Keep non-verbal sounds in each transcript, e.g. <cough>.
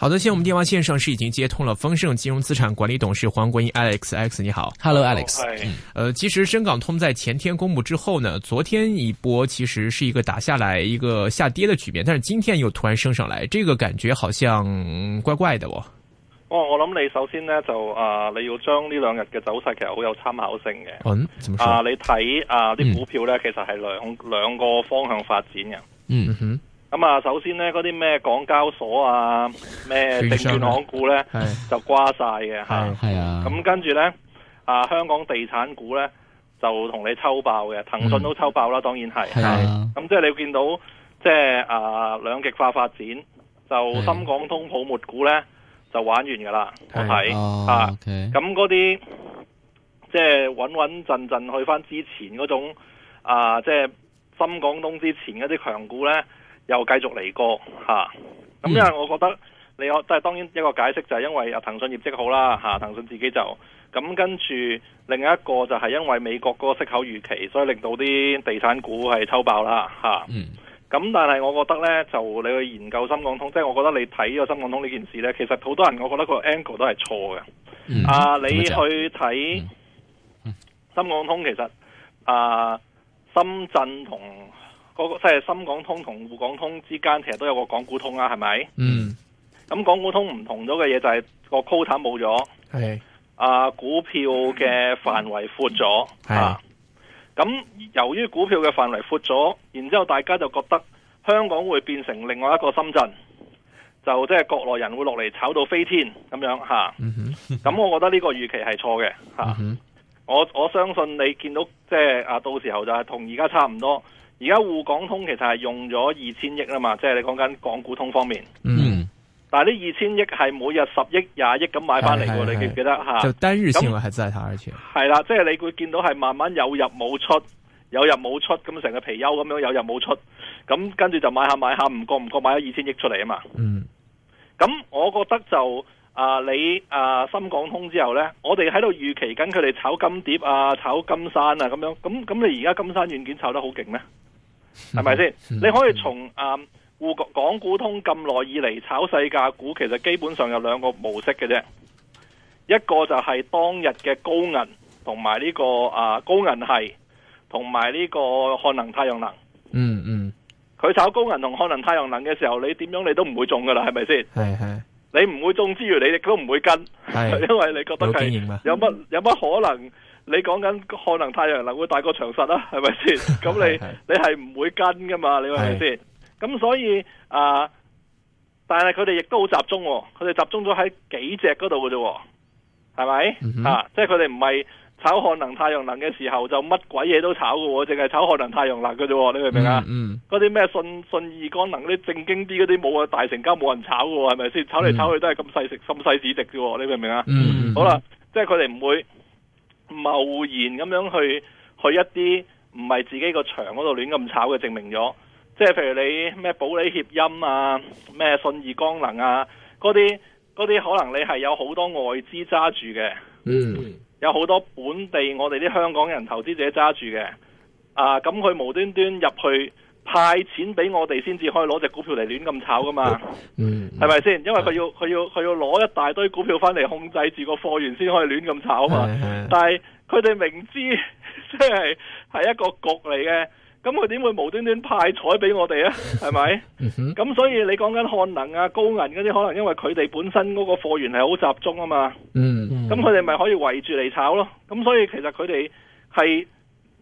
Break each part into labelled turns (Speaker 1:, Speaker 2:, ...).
Speaker 1: 好的，現在我們電話線上是已經接通
Speaker 2: 了豐盛金融資產管理董事黃國英 Alex，Alex 你好，Hello Alex，Hello, yes.、嗯、呃，其實深港通在前天公佈之後呢，昨天一波其實是一個打下來一個下跌的局面，但是今天又突然升上來，這個感覺好像怪怪的哦。
Speaker 3: 哦，我諗你首先呢就啊、呃，你要將呢兩日嘅走勢其實好有參考性嘅，
Speaker 4: 嗯，
Speaker 2: 怎麼
Speaker 3: 說啊、呃？你睇啊，啲、呃、股票呢，其實係兩、嗯、兩個方向發展嘅，嗯哼。咁啊，首先呢，嗰啲咩港交所啊，咩證券行股呢，就瓜晒嘅吓。咁跟住呢，啊香港地產股呢，就同你抽爆嘅，騰訊都抽爆啦，當然係。咁即係你會見到，即係啊兩極化發展，就深港通泡沫股呢，就玩完噶啦。
Speaker 4: 我睇，
Speaker 3: 咁嗰啲即係穩穩陣陣去翻之前嗰種啊，即係深港通之前嗰啲強股呢。又繼續嚟過嚇咁、嗯嗯、因為我覺得你我都係當然一個解釋就係因為啊騰訊業績好啦嚇，騰訊自己就咁、嗯、跟住另一個就係因為美國個息口預期，所以令到啲地產股係抽爆啦咁、嗯嗯、但係我覺得呢，就你去研究深港通，即係我覺得你睇個深港通呢件事呢，其實好多人我覺得個 angle 都係錯嘅。嗯、啊，你去睇深港通其實啊，深圳同。個即係深港通同滬港通之間，其實都有個港股通啦、啊，係咪？嗯。咁港股通唔同咗嘅嘢就係個 quota 冇咗，係啊，股票嘅範圍闊咗，係啊。咁由於股票嘅範圍闊咗，然之後大家就覺得香港會變成另外一個深圳，就即係國內人會落嚟炒到飛天咁樣嚇。咁、啊嗯、哼 <laughs> 我覺得呢個預期係錯嘅嚇。啊嗯、哼我我相信你見到即係啊，到時候就係同而家差唔多。而家滬港通其實係用咗二千億啦嘛，即、就、係、是、你講緊港股通方面。嗯，但係呢二千億係每日十億廿億咁買翻嚟嘅，是是是你記唔記得吓？就單日
Speaker 2: 限額係在台而且
Speaker 3: 係啦，即係、就是、你會見到係慢慢有入冇出，有入冇出，咁成個貔貅咁樣有入冇出，咁跟住就買下買下，唔覺唔覺買咗二千億出嚟啊嘛。嗯，咁我覺得就啊、呃、你啊、呃、深港通之後呢，我哋喺度預期緊佢哋炒金碟啊、炒金山啊咁樣，咁咁你而家金山軟件炒得好勁咩？係咪先？你可以從啊，滬、呃、港股通咁耐以嚟炒細價股，其實基本上有兩個模式嘅啫。一個就係當日嘅高銀同埋呢個啊、呃、高銀係，同埋呢個漢能太陽能。嗯嗯。佢炒高銀同漢能太陽能嘅時候，你點樣你都唔會中噶啦，係咪先？係係。你唔會中之餘，你亦都唔會跟，係是 因為你覺得有有乜有乜可能？你講緊漢能太陽能會大過長實啦，係咪先？咁你你係唔會跟噶嘛？ <laughs> 你話係咪先？咁是的 所以啊，但係佢哋亦都好集中，佢哋集中咗喺幾隻嗰度嘅啫，係咪啊？即係佢哋唔係炒漢能太陽能嘅時候就乜鬼嘢都炒㗎喎，淨係炒漢能太陽能嘅啫。你明唔明啊？嗰啲咩信信義光能啲正經啲嗰啲冇啊，大成交冇人炒嘅喎，係咪先？炒嚟炒去都係咁細食，咁細市值啫。你明唔明啊？嗯嗯好啦，即係佢哋唔會。貿然咁樣去去一啲唔係自己個場嗰度亂咁炒嘅，證明咗，即係譬如你咩保理協鑫啊，咩信義光能啊，嗰啲嗰啲可能你係有好多外資揸住嘅，嗯，有好多本地我哋啲香港人投資者揸住嘅，啊，咁佢無端端入去。派錢俾我哋先至可以攞隻股票嚟亂咁炒噶嘛，係咪先？因為佢要佢要佢要攞一大堆股票翻嚟控制住個貨源先可以亂咁炒嘛。嗯嗯、但係佢哋明知即係係一個局嚟嘅，咁佢點會無端端派彩俾我哋咧？係咪？咁、嗯嗯、所以你講緊漢能啊、高銀嗰、啊、啲，可能因為佢哋本身嗰個貨源係好集中啊嘛嗯。嗯，咁佢哋咪可以圍住嚟炒咯。咁所以其實佢哋係。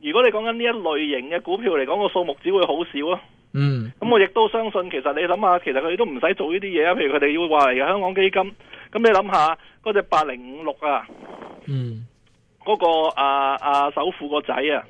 Speaker 3: 如果你講緊呢一類型嘅股票嚟講，個數目只會好少啊。嗯，咁我亦都相信其實你諗下，其實佢哋都唔使做呢啲嘢啊。譬如佢哋要話嚟嘅香港基金，咁你諗下嗰隻八零五六啊，嗯，嗰、嗰個啊啊首富個仔啊，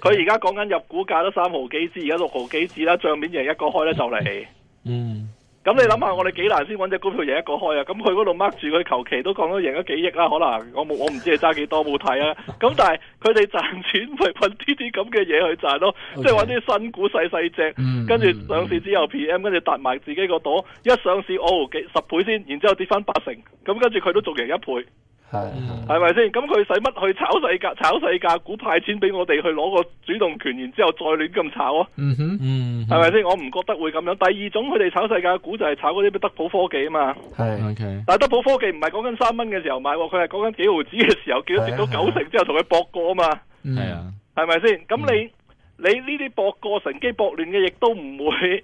Speaker 3: 佢而家講緊入股價都三毫幾子，而家六毫幾子啦，帳面就係一個開得就嚟，嗯。來咁你諗下，我哋幾難先揾隻股票贏一個開啊！咁佢嗰度掹住佢，求其都講到贏咗幾億啦，可能我冇我唔知你揸幾多冇睇 <laughs> 啊！咁但係佢哋賺錢咪搵啲啲咁嘅嘢去賺咯，啊，即係搵啲新股細細隻，跟住上市之後 PM，跟住搭埋自己個朵，一上市哦幾十倍先，然之後跌翻八成，咁跟住佢都仲贏一倍。係，係咪先？咁佢使乜去炒世界炒世界股派錢俾我哋去攞個主動權，然之後再亂咁炒啊？嗯哼，嗯，係咪先？我唔覺得會咁樣。第二種佢哋炒世界股就係炒嗰啲咩德普科技啊嘛。係
Speaker 4: ，Okay，
Speaker 3: 但係德普科技唔係講緊三蚊嘅時候買，佢係講緊幾毫子嘅時候，佢都跌到九成之後同佢博過啊嘛。係啊，係咪先？咁你你呢啲博過、乘機博亂嘅，亦都唔會。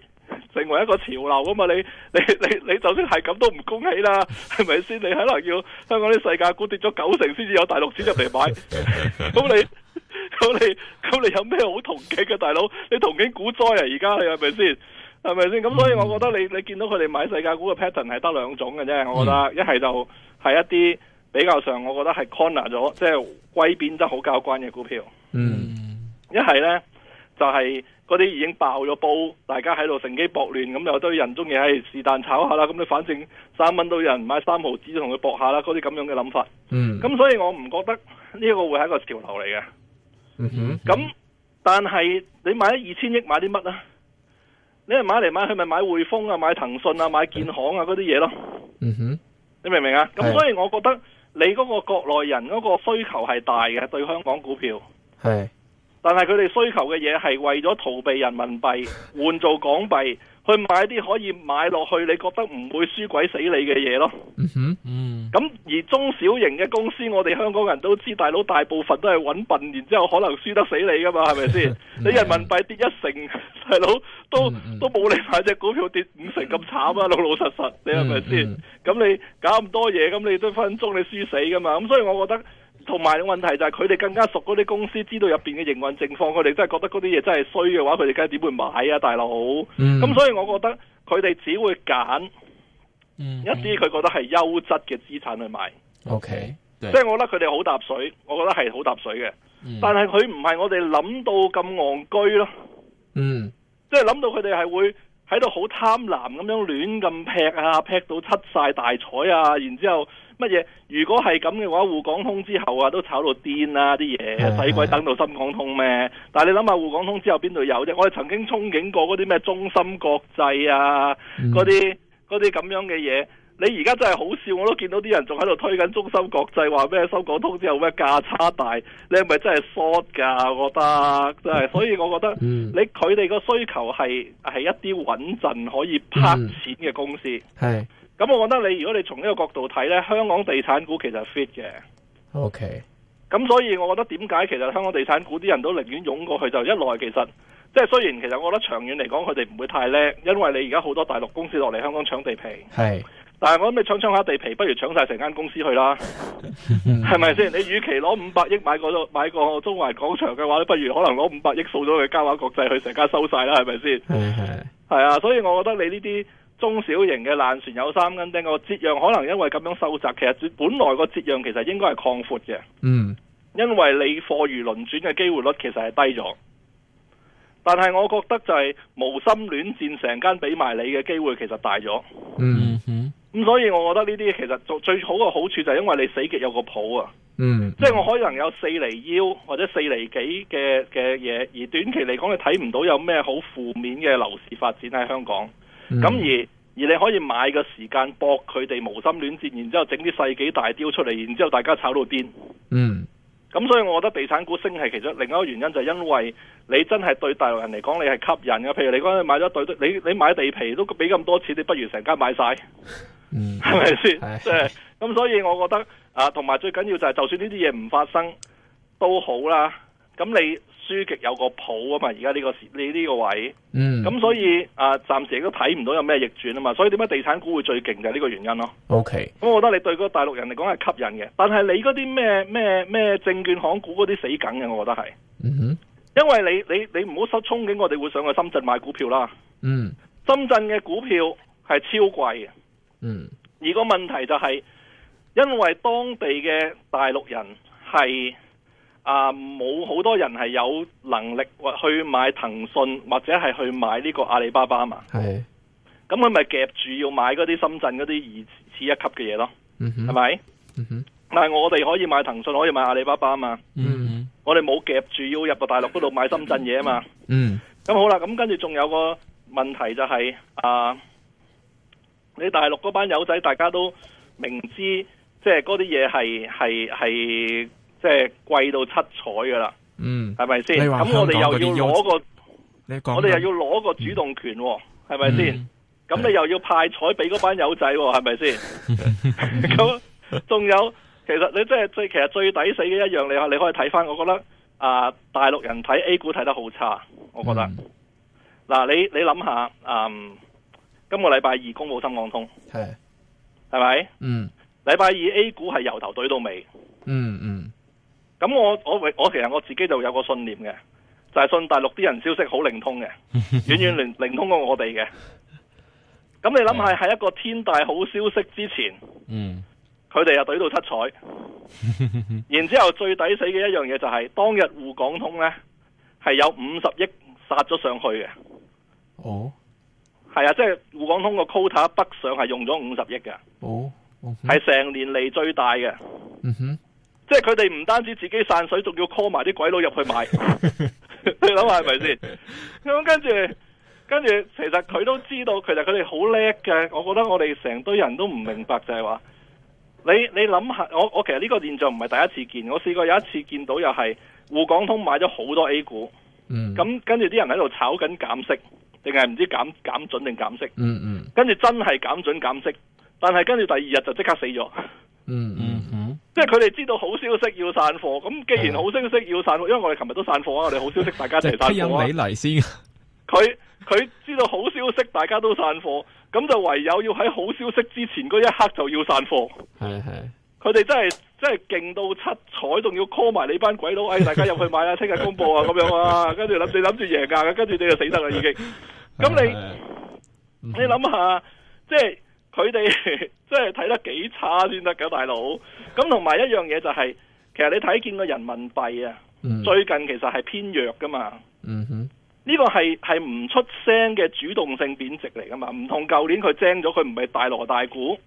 Speaker 3: 成為一個潮流啊嘛！你你你你，你你就算係咁都唔恭喜啦，係咪先？你可能要香港啲世界股跌咗九成先至有大陸錢入嚟買，咁 <laughs> <laughs> 你咁你咁你有咩好同景嘅大佬？你同景股災啊！而家係咪先？係咪先？咁所以我覺得你你見到佢哋買世界股嘅 pattern 係得兩種嘅啫。我覺得一係就係一啲比較上，我覺得係 corner 咗，即係歸邊得好交關嘅股票。嗯，一係咧。就係嗰啲已經爆咗煲，大家喺度乘機博亂，咁又都有人中意係是但炒一下啦。咁你反正三蚊都有人買，三毫紙都同佢博下啦。嗰啲咁樣嘅諗法。嗯。咁所以我唔覺得呢一個會係一個潮流嚟嘅、嗯。嗯哼。咁但係你買二千億買啲乜啊？你係買嚟買去，咪買匯豐啊，買騰訊啊，買建行啊，嗰啲嘢咯。嗯
Speaker 4: 哼。
Speaker 3: 你明唔明啊？咁、嗯、哼所以我覺得你嗰個國內人嗰個需求係大嘅，對香港股票
Speaker 4: 係。嗯
Speaker 3: 但係佢哋需求嘅嘢係為咗逃避人民幣換做港幣去買啲可以買落去你覺得唔會輸鬼死你嘅嘢咯。咁、嗯嗯、而中小型嘅公司，我哋香港人都知，大佬大部分都係揾笨，然之後可能輸得死你噶嘛，係咪先？ <laughs> 你人民幣跌一成，大佬 <laughs> 都嗯嗯都冇你買隻股票跌五成咁慘啊，老老實實，你係咪先？咁、嗯嗯、你搞咁多嘢，咁你都分分鐘你輸死噶嘛。咁所以我覺得。同埋嘅問題就係佢哋更加熟嗰啲公司，知道入邊嘅營運情況，佢哋真係覺得嗰啲嘢真係衰嘅話，佢哋梗係點會買啊，大佬！咁、mm. 所以我覺得佢哋只會揀一啲佢覺得係優質嘅資產去買。O、okay. K，對即係我覺得佢哋好搭水，我覺得係好搭水嘅。但係佢唔係我哋諗到咁戇居咯。嗯，mm. 即係諗到佢哋係會喺度好貪婪咁樣亂咁劈啊，劈到七晒大彩啊，然之後。乜嘢？如果係咁嘅話，滬港通之後啊，都炒到癲啦啲嘢，使鬼等到深港通咩？但係你諗下，滬港通之後邊度有啫？我哋曾經憧憬過嗰啲咩中芯國際啊，嗰啲嗰啲咁樣嘅嘢。你而家真係好笑，我都見到啲人仲喺度推緊中芯國際，話咩深港通之後咩價差大？你係咪真係 short 㗎？我覺得真係，所以我覺得你佢哋個需求係係一啲穩陣可以拍錢嘅公司。嗯
Speaker 4: 嗯。
Speaker 3: 咁我覺得你如果你從呢個角度睇呢，香港地產股其實 fit 嘅。O K。咁所以我覺得點解其實香港地產股啲人都寧願湧過去就一來，其實即係雖然其實我覺得長遠嚟講佢哋唔會太叻，因為你而家好多大陸公司落嚟香港搶地皮。係是。但係我諗你搶搶下地皮，不如搶曬成間公司去啦，係咪先？你與其攞五百億買個買個中環廣場嘅話，不如可能攞五百億掃咗佢，嘉華國際佢成間收曬啦，係咪先？係係。係啊，所以我覺得你呢啲。中小型嘅爛船有三根釘，個折讓可能因為咁樣收窄，其實本來個折讓其實應該係擴闊嘅。嗯，因為你貨如輪轉嘅機會率其實係低咗，但係我覺得就係無心戀戰，成間俾埋你嘅機會其實大咗，嗯。嗯哼，咁、嗯、所以我覺得呢啲其實最最好嘅好處就係因為你死極有個譜啊，嗯。嗯，即係我可能有四厘腰或者四厘幾嘅嘅嘢，而短期嚟講，你睇唔到有咩好負面嘅樓市發展喺香港。咁、嗯、而而你可以買個時間搏佢哋無心戀戰，然之後整啲世紀大雕出嚟，然之後大家炒到癲。嗯，咁所以我覺得地產股升係其實另一個原因就係因為你真係對大陸人嚟講，你係吸引㗎。譬如你講你買咗對，你你買地皮都俾咁多錢，你不如成間買晒，係咪先？即係咁， <laughs> <laughs> 所以我覺得啊，同埋最緊要就係就算呢啲嘢唔發生都好啦。咁你輸極有個譜啊嘛，而家呢個呢呢個位，咁、嗯、所以啊，暫時都睇唔到有咩逆轉啊嘛，所以點解地產股會最勁就係呢個原因咯。O K，咁我覺得你對嗰個大陸人嚟講係吸引嘅，但係你嗰啲咩咩咩證券行股嗰啲死梗嘅，我覺得係，
Speaker 4: 嗯、
Speaker 3: 哼因為你你你唔好失憧憬，我哋會上去深圳買股票啦。
Speaker 4: 嗯，
Speaker 3: 深圳嘅股票係超貴嘅。嗯，而個問題就係、是、因為當地嘅大陸人係。啊！冇好多人係有能力或去買騰訊或者係去買呢個阿里巴巴嘛？係的。咁佢咪夾住要買嗰啲深圳嗰啲二次一級嘅嘢咯？係咪？但係我哋可以買騰訊，可以買阿里巴巴嘛。
Speaker 4: 嗯
Speaker 3: 哼。我哋冇夾住要入個大陸嗰度買深圳嘢啊嘛嗯。嗯。咁、嗯、好啦，咁跟住仲有個問題就係、係、啊，你大陸嗰班友仔大家都明知即係嗰啲嘢係係係。就是即係貴到七彩噶啦，嗯，係咪先？咁我哋又要攞個，我哋又要攞個主動權，係咪先？咁你又要派彩俾嗰班友仔，係咪先？咁仲有，其實你即係最其實最抵死嘅一樣，你可你可以睇返。我覺得啊，大陸人睇 A 股睇得好差，我覺得。嗱，你你諗下，嗯，今個禮拜二公布深港通，係係咪？嗯，禮拜二 A 股係由頭懟到尾，嗯
Speaker 4: 嗯。
Speaker 3: 咁我我我其實我自己就有個信念嘅，就係、是、信大陸啲人消息好靈通嘅，遠遠靈靈通過我哋嘅。咁你諗下，喺一個天大好消息之前，嗯，佢哋又隊到七彩， <laughs> 然之後最抵死嘅一樣嘢就係、是、當日滬港通呢係有五十億殺咗上去嘅。哦，係啊，即係滬港通個 quota 北上係用咗五十億嘅。哦，係、
Speaker 4: okay.
Speaker 3: 成年嚟最大嘅。嗯哼。即係佢哋唔單止自己散水，仲要 call 埋啲鬼佬入去買， <laughs> <laughs> 你諗下係咪先？咁跟住，跟住其實佢都知道，其實佢哋好叻嘅。我覺得我哋成堆人都唔明白就，就係話你你諗下，我我其實呢個現象唔係第一次見，我試過有一次見到又係滬港通買咗好多 A 股，咁、嗯、跟住啲人喺度炒緊減息，定係唔知減減準定減息，嗯嗯，跟住真係減準減息，但係跟住第二日就即刻死咗，嗯嗯。即係佢哋知道好消息要散貨，咁既然好消息要散貨，因為我哋琴日都散貨啊，我哋好消息大家都係散貨啊。佢佢 <laughs> 知道好消息大家都散貨，咁就唯有要喺好消息之前嗰一刻就要散貨。係
Speaker 4: 係
Speaker 3: <laughs> 佢哋真係真係勁到七彩，仲要 call 埋你班鬼佬，哎， <laughs> 大家入去買啊，聽日公布啊，咁樣啊，跟住諗住諗住贏噶，跟住你就死得啦已經。咁 <laughs> 你 <laughs> 你諗下，即係佢哋。即係睇得幾差先得㗎大佬，咁同埋一樣嘢就係、是，其實你睇見個人民幣啊，最近其實係偏弱㗎嘛。嗯哼，呢個係係唔出聲嘅主動性貶值嚟㗎嘛，唔同舊年佢升咗，佢唔係大鑼大鼓。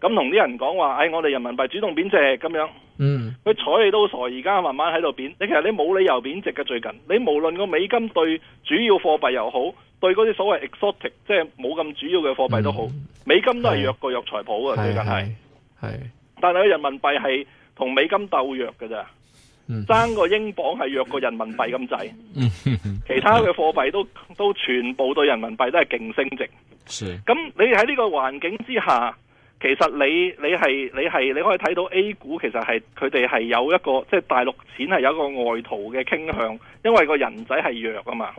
Speaker 3: 咁同啲人講話，唉、哎，我哋人民幣主動貶值咁樣，嗯哼，佢睬你都傻，而家慢慢喺度貶。你其實你冇理由貶值嘅最近，你無論個美金對主要貨幣又好。對嗰啲所謂 exotic，即係冇咁主要嘅貨幣都好，嗯、美金都係弱過弱財寶啊，嗯、最近係係，是是是但係人民幣係同美金鬥弱噶咋，爭、嗯、個英鎊係弱過人民幣咁滯，
Speaker 4: 嗯、
Speaker 3: 其他嘅貨幣都、嗯、都全部對人民幣都係勁升值，咁是你喺呢個環境之下，其實你你係你係你可以睇到 A 股其實係佢哋係有一個即係、就是、大陸錢係有一個外逃嘅傾向，因為個人仔係弱啊嘛。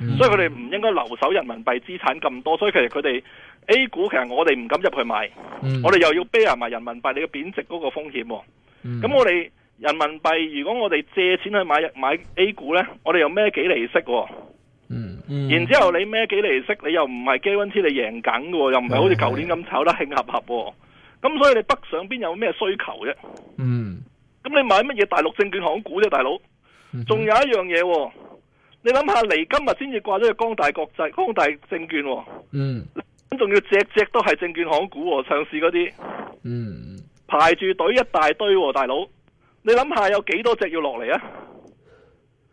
Speaker 3: 嗯、所以佢哋唔應該留守人民幣資產咁多，所以其實佢哋 A 股其實我哋唔敢入去買，嗯、我哋又要 bear 埋人民幣你嘅貶值嗰個風險、哦。
Speaker 4: 咁、嗯、我哋
Speaker 3: 人民幣如果我哋借錢去買買 A 股呢，我哋又咩幾利息、哦嗯？嗯，
Speaker 4: 然之後
Speaker 3: 你咩幾利息？你又唔係 guarantee 你贏緊嘅，又唔係好似舊年咁炒得興合合、哦。咁、嗯、所以你北上邊有咩需求啫？嗯，咁你買乜嘢大陸證券行股啫，大佬？仲有一樣嘢、哦。你諗下嚟，今日先至掛咗個光大國際、光大證券、哦，嗯，仲要隻隻都係證券行股、哦，上市嗰啲，嗯，排住隊一大堆、哦，大佬，你諗下有幾多隻要落嚟啊？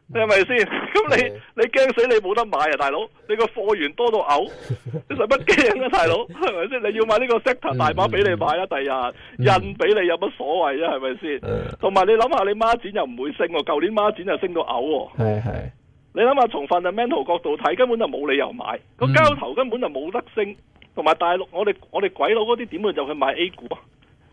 Speaker 3: 你係咪先？咁你係嘅，你驚死你冇得買啊，大佬，你個貨源多到嘔，你使乜驚啊，大佬？係咪先？你要買呢個 sector 大把俾你買啦、啊，第日印俾你有乜所謂啊？係咪先？同埋、嗯、你諗下，你孖展又唔會升、哦，舊年孖展又升到嘔、哦，係係。你諗下，從 fundamental 角度睇，根本就冇理由買個、嗯、交投根本就冇得升，同埋大陸，我哋我哋鬼佬嗰啲點會就去買 A 股啊？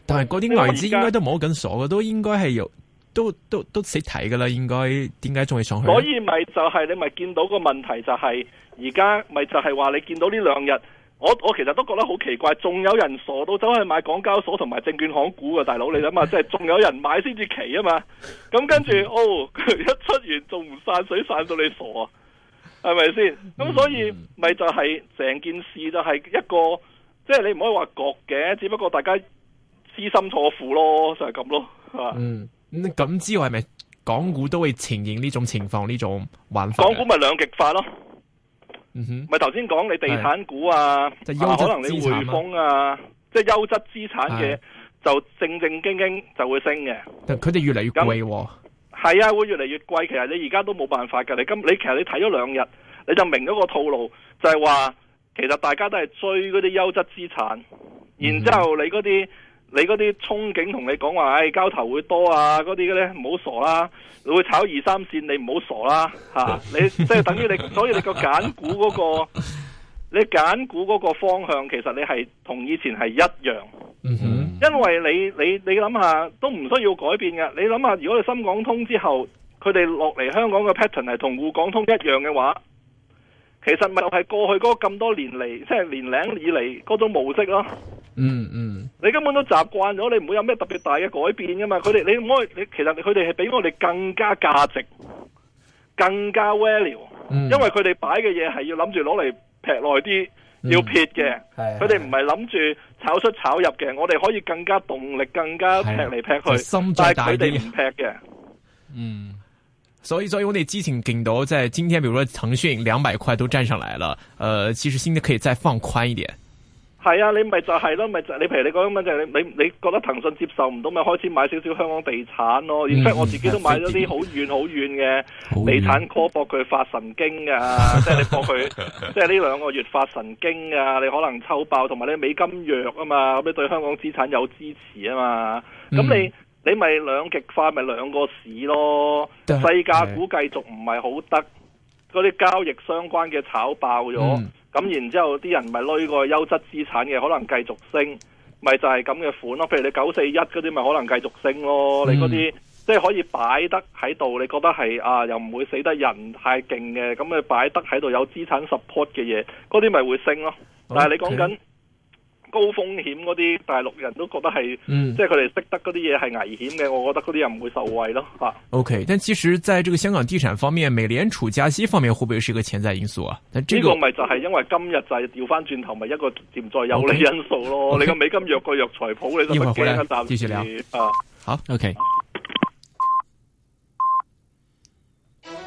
Speaker 2: 但係嗰啲外資應該都冇咁傻嘅，都應該係要都都都識睇嘅啦。應該點解仲係
Speaker 3: 上去？所以咪就係、是、你咪見到個問題就係而家咪就係話你見到呢兩日。我我其實都覺得好奇怪，仲有人傻到走去買港交所同埋證券行股噶，大佬你諗下，即係仲有人買先至奇啊嘛！咁跟住， <laughs> 哦一出完仲唔散水散到你傻啊？係咪先？咁所以咪、嗯、就係成件事就係一個，即、就、係、係、你唔可以話割嘅，只不過大家痴心錯付咯，就係、係、咁咯，係嘛？嗯，
Speaker 2: 咁之後，係咪港股都會呈現呢種情況呢種玩法。港股咪
Speaker 3: 兩極化咯。嗯哼，咪頭先講你地產股啊，有、啊啊、可能你匯豐啊，即係優質資產嘅、啊、就正正經經就會升嘅。
Speaker 2: 但佢哋越嚟越貴、啊，
Speaker 3: 係啊，會越嚟越貴。其實你而家都冇辦法噶。你今你其實你睇咗兩日，你就明咗個套路，就係、是、話其實大家都係追嗰啲優質資產，然之後你嗰啲。嗯你嗰啲憧憬同你講話，誒、哎、交投會多啊，嗰啲咧唔好傻啦，你會炒二三線，你唔好傻啦、啊，你即係、就是、等於你，所以你個揀股嗰個，你揀股嗰個方向其實你係同以前係一樣，嗯、哼因為你你你諗下都唔需要改變嘅。你諗下，如果你深港通之後，佢哋落嚟香港嘅 pattern 係同滬港通一樣嘅話。其實咪係過去嗰咁多年嚟，即、就、係、是、年零以嚟嗰種模式咯、嗯。嗯嗯，你根本都習慣咗，你唔會有咩特別大嘅改變㗎嘛。佢哋你我你其實佢哋係比我哋更加價值、更加 value，、嗯、因為佢哋擺嘅嘢係要諗住攞嚟劈耐啲，嗯、要撇嘅。
Speaker 2: 佢哋
Speaker 3: 唔係諗住炒出炒入嘅。我哋可以更加動力、更加劈嚟劈去，的的但係佢哋唔劈嘅。嗯。所以我
Speaker 2: 哋之前見到，即係今天，比如說騰訊兩百塊都站上來了，呃，其實現在可以再放寬一點。
Speaker 3: 係啊，你咪就係咯，咪就係、你譬如你講咁樣，就係你你覺得騰訊接受唔到，咪開始買少少香港地產咯。而且、嗯、我自己都買咗啲好遠好遠嘅地產，哥博佢發神經啊！即係 <laughs> 你博佢，即係呢兩個月發神經啊！你可能抽爆，同埋你美金弱啊嘛，咁你對香港資產有支持啊嘛，咁、嗯、你。你咪兩極化，咪兩個市咯。細價股繼續唔係好得，嗰啲交易相關嘅炒爆咗，咁、嗯、然之後啲人咪攞呢個優質資產嘅，可能繼續升，咪就係咁嘅款咯。譬如你九四一嗰啲，咪可能繼續升咯。嗯、你嗰啲即係可以擺得喺度，你覺得係啊，又唔會死得人太勁嘅，咁你擺得喺度有資產 support 嘅嘢，嗰啲咪會升咯。但係你講緊。Okay. 高風險嗰啲大陸人都覺得係，嗯、即係佢哋識得嗰啲嘢係危險嘅，我覺得嗰啲人唔會受惠咯嚇。
Speaker 2: 啊、OK，但其實，在這個香港地產方面，美聯儲加息方面，會唔會係一個潛在因素啊？呢、這個咪
Speaker 3: 就係因為今日就係調翻轉頭咪一個潛在有利因素咯。Okay, okay, 你個美金弱個藥材普，你都幾？依個停一陣，繼續聊啊，
Speaker 1: 好 OK。啊